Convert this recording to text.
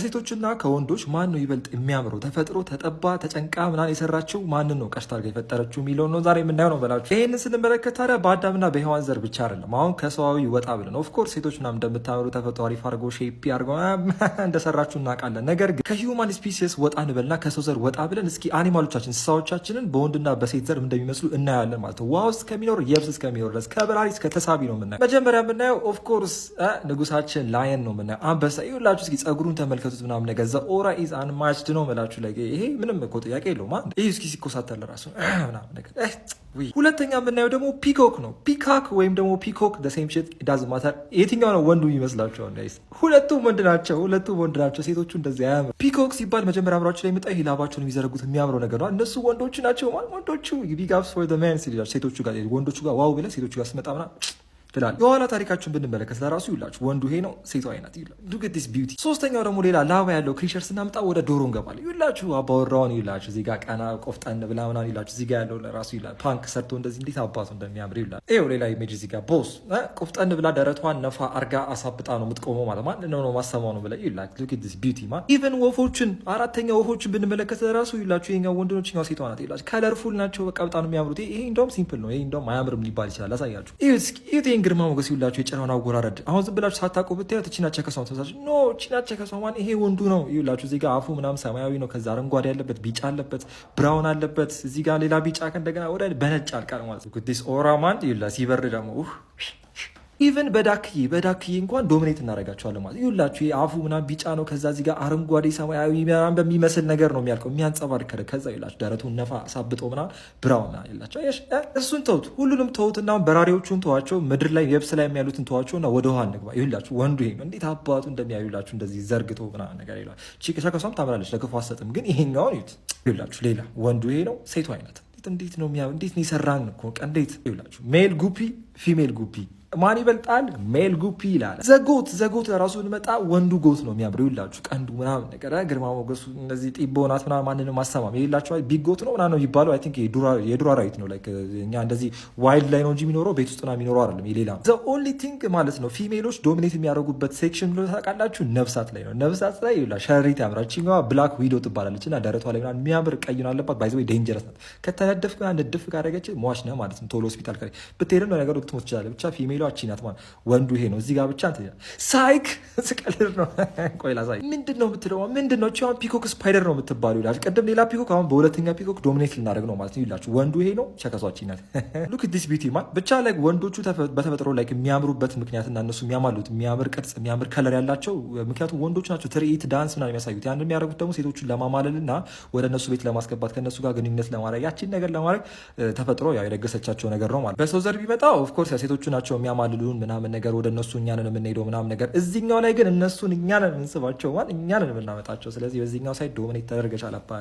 ከሴቶችና ከወንዶች ማን ነው ይበልጥ የሚያምረው? ተፈጥሮ ተጠባ ተጨንቃ ምናን የሰራችው ማንን ነው ቀሽታ አድርጋ የፈጠረችው የሚለውን ነው ዛሬ የምናየው ነው በላችሁ። ይህንን ስንመለከት ታዲያ በአዳምና በሔዋን ዘር ብቻ አይደለም። አሁን ከሰዋዊ ወጣ ብለን ኦፍኮርስ ሴቶች ምናምን እንደምታምሩ ተፈጥሮ አሪፍ አድርጎ ሼፕ አድርገው እንደሰራችሁ እናውቃለን። ነገር ግን ከሂውማን ስፒሲስ ወጣ እንበልና ከሰው ዘር ወጣ ብለን እስኪ አኒማሎቻችን እንስሳዎቻችንን በወንድና በሴት ዘር እንደሚመስሉ እናያለን ማለት ነው። ውሃ ውስጥ ከሚኖር የብስ እስከሚኖር ድረስ ከበራሪ እስከ ተሳቢ ነው የምናየው። መጀመሪያ የምናየው ኦፍኮርስ ንጉሳችን ላየን ነው የምናየው አንበሳ። ይኸውላችሁ እስኪ ጸጉሩን ተመልክ የምትመለከቱት ምናምን ነገር ዘ ኦራ ኢዝ አን ማችድ ነው መላችሁ ላይ ይሄ ምንም እኮ ጥያቄ የለውም። አንድ ይህ እስኪ ሲኮሳተል ራሱ ምናምን ነገር ሁለተኛ የምናየው ደግሞ ፒኮክ ነው። ፒካክ ወይም ደግሞ ፒኮክ ሴም ሽት ዳዝ ማተር የትኛው ነው ወንዱ ይመስላችኋል? ጋይስ ሁለቱም ወንድ ናቸው፣ ሁለቱም ወንድ ናቸው። ሴቶቹ እንደዚህ አያምር። ፒኮክ ሲባል መጀመሪያ አምራችሁ ላይ ምጣ ይሄ ላባቸውን የሚዘረጉት የሚያምረው ነገር ነው። እነሱ ወንዶቹ ናቸው። ወንዶቹ ቢጋፕስ ፎር ዘ ማንስ ሴቶቹ ጋር ወንዶቹ ጋር ዋው ብለህ ሴቶቹ ጋር ስመጣ ምናምን ትላለች። የኋላ ታሪካችሁን ብንመለከት ለራሱ ይላችሁ ወንዱ ይሄ ነው፣ ሴቷ አይናት ይላል ዱግዲስ ቢዩቲ። ሶስተኛው ደግሞ ሌላ ላባ ያለው ክሪቸር ስናምጣ ወደ ዶሮ እንገባለን። ይላችሁ አባወራውን ይላችሁ እዚህ ጋር ቀና ቆፍጠን ብላ ምናምን ይላችሁ እዚህ ጋር ያለው ለራሱ ይላል ፓንክ ሰርቶ እንደዚህ እንዴት አባቱ እንደሚያምር ይላል። ይኸው ሌላ ኢሜጅ እዚህ ጋር ቦስ ቆፍጠን ብላ ደረቷን ነፋ አርጋ አሳብጣ ነው የምትቆመው ማለት ማን ነው ነው ማሰማው ነው ብለ ይላል ዱግዲስ ቢዩቲ ማ ኢቨን ወፎችን አራተኛ ወፎችን ብንመለከት ለራሱ ይላችሁ ይሄኛው ወንድ ነው፣ ይችኛው ሴቷ ናት ይላችሁ ከለርፉል ናቸው። በቃ በጣም የሚያምሩት ይሄ እንደውም ሲምፕል ነው፣ ይሄ እንደውም አያምርም ሊባል ይችላል። አሳያችሁ ይሄ ግርማ ሞገስ ይውላችሁ የጭራውን አወራረድ። አሁን ዝም ብላችሁ ሳታውቁ ብታዩት ቺናቸ ከሷን ተሳችሁ ኖ ቺናቸ ከሷን ይሄ ወንዱ ነው ይውላችሁ። እዚህ ጋር አፉ ምናምን ሰማያዊ ነው፣ ከዛ አረንጓዴ ያለበት ቢጫ አለበት፣ ብራውን አለበት፣ እዚህ ጋር ሌላ ቢጫ ከእንደገና ወደ በነጭ አልቃል ማለት ነው። ዲስ ኦራማን ይውላ ሲበር ደግሞ ኢቨን በዳክዬ በዳክዬ እንኳን ዶሚኔት እናደርጋቸዋለን ማለት ይሁላችሁ። የአፉ ምናምን ቢጫ ነው። ከዛ እዚህ ጋር አረንጓዴ ሰማያዊ ምናምን በሚመስል ነገር ነው የሚያልቀው የሚያንጸባርቅ ከዛ ይላችሁ ደረቱ ነፋ ሳብጦ ምናምን ና ይላቸው። እሱን ተውት፣ ሁሉንም ተውትና በራሪዎቹን ተዋቸው፣ ምድር ላይ የብስ ላይ የሚያሉትን ተዋቸው እና ወደ ውሃ እንግባ። ይሁላችሁ ወንዱ ይሄ ነው። እንዴት አባቱ እንደሚያዩላችሁ እንደዚህ ዘርግቶ ምናምን ነገር ይሏል። ቺከሷም ታምራለች፣ ለክፉ አሰጥም ግን ይሄኛውን ይሁት ይሁላችሁ። ሌላ ወንዱ ይሄ ነው፣ ሴቱ አይነት እንዴት ነው የሚያ እንዴት ነው የሰራን እኮ እንዴት ይሁላችሁ። ሜል ጉፒ ፊሜል ጉፒ ማን ይበልጣል? ሜል ጉፒ ይላል። ዘጎት ዘጎት ለራሱ ብንመጣ ወንዱ ጎት ነው የሚያምረው ይላችሁ። ቀንዱ ምናምን ነገር ግርማ ሞገሱ እነዚህ ጢቦ ናት ምናምን ማንንም ማሰማም የሌላቸው ቢጎት ነው ምናምን ነው የሚባለው። አይ ቲንክ የዱር አራዊት ነው። ላይክ እኛ እንደዚህ ዋይልድ ላይ ነው እንጂ የሚኖረው ቤት ውስጥ ምናምን የሚኖረው አይደለም። የሌላ ዘ ኦንሊ ቲንግ ማለት ነው ፊሜሎች ዶሚኔት የሚያደርጉበት ሴክሽን ብሎ ታውቃላችሁ፣ ነፍሳት ላይ ነው። ነፍሳት ላይ ይላ ሸሪት ያምራል። ቺኛዋ ብላክ ዊዶ ትባላለች እና ደረቷ ላይ ምናምን የሚያምር ቀይ ነው አለባት። ባይዘ ዴንጀረስ ናት። ከተነደፍክ ንድፍ ካደረገች ሟች ነህ ማለት ነው። ቶሎ ሆስፒታል ብትሄድም ነገር ልትሞት ትችላለህ። ብቻ ፊሜሎ ሌላች ናት ማለት ወንዱ ይሄ ነው። እዚህ ጋር ብቻ ሳይክ ስቀልድ ነው። ቆይ ላሳይ። ምንድን ነው የምትለው? ምንድን ነው ቻን ፒኮክ ስፓይደር ነው የምትባሉ ይላል። ቅድም ሌላ ፒኮክ፣ አሁን በሁለተኛ ፒኮክ ዶሚኔት ልናደርግ ነው ማለት ነው ይላችሁ። ወንዱ ይሄ ነው፣ ሸከሷች ናት። ሉክ ዲስ ቢቲ ማ ብቻ ላይ ወንዶቹ በተፈጥሮ ላይ የሚያምሩበት ምክንያት እና እነሱ የሚያማሉት የሚያምር ቅርጽ የሚያምር ከለር ያላቸው ምክንያቱም ወንዶቹ ናቸው ትርኢት ዳንስ ምና የሚያሳዩት። ያን የሚያደርጉት ደግሞ ሴቶቹን ለማማለል ለማማለልና ወደ እነሱ ቤት ለማስገባት ከእነሱ ጋር ግንኙነት ለማድረግ ያችን ነገር ለማድረግ ተፈጥሮ ያው የደገሰቻቸው ነገር ነው ማለት በሰው ዘር ቢመጣ ኦፍኮርስ ሴቶቹ ናቸው የሚያማልሉን ምናምን ነገር ወደ እነሱ እኛንን የምንሄደው ምናምን ነገር፣ እዚኛው ላይ ግን እነሱን እኛንን የምንስባቸው እኛንን የምናመጣቸው። ስለዚህ በዚኛው ሳይድ ዶሚኔት ተደርገሻል አባት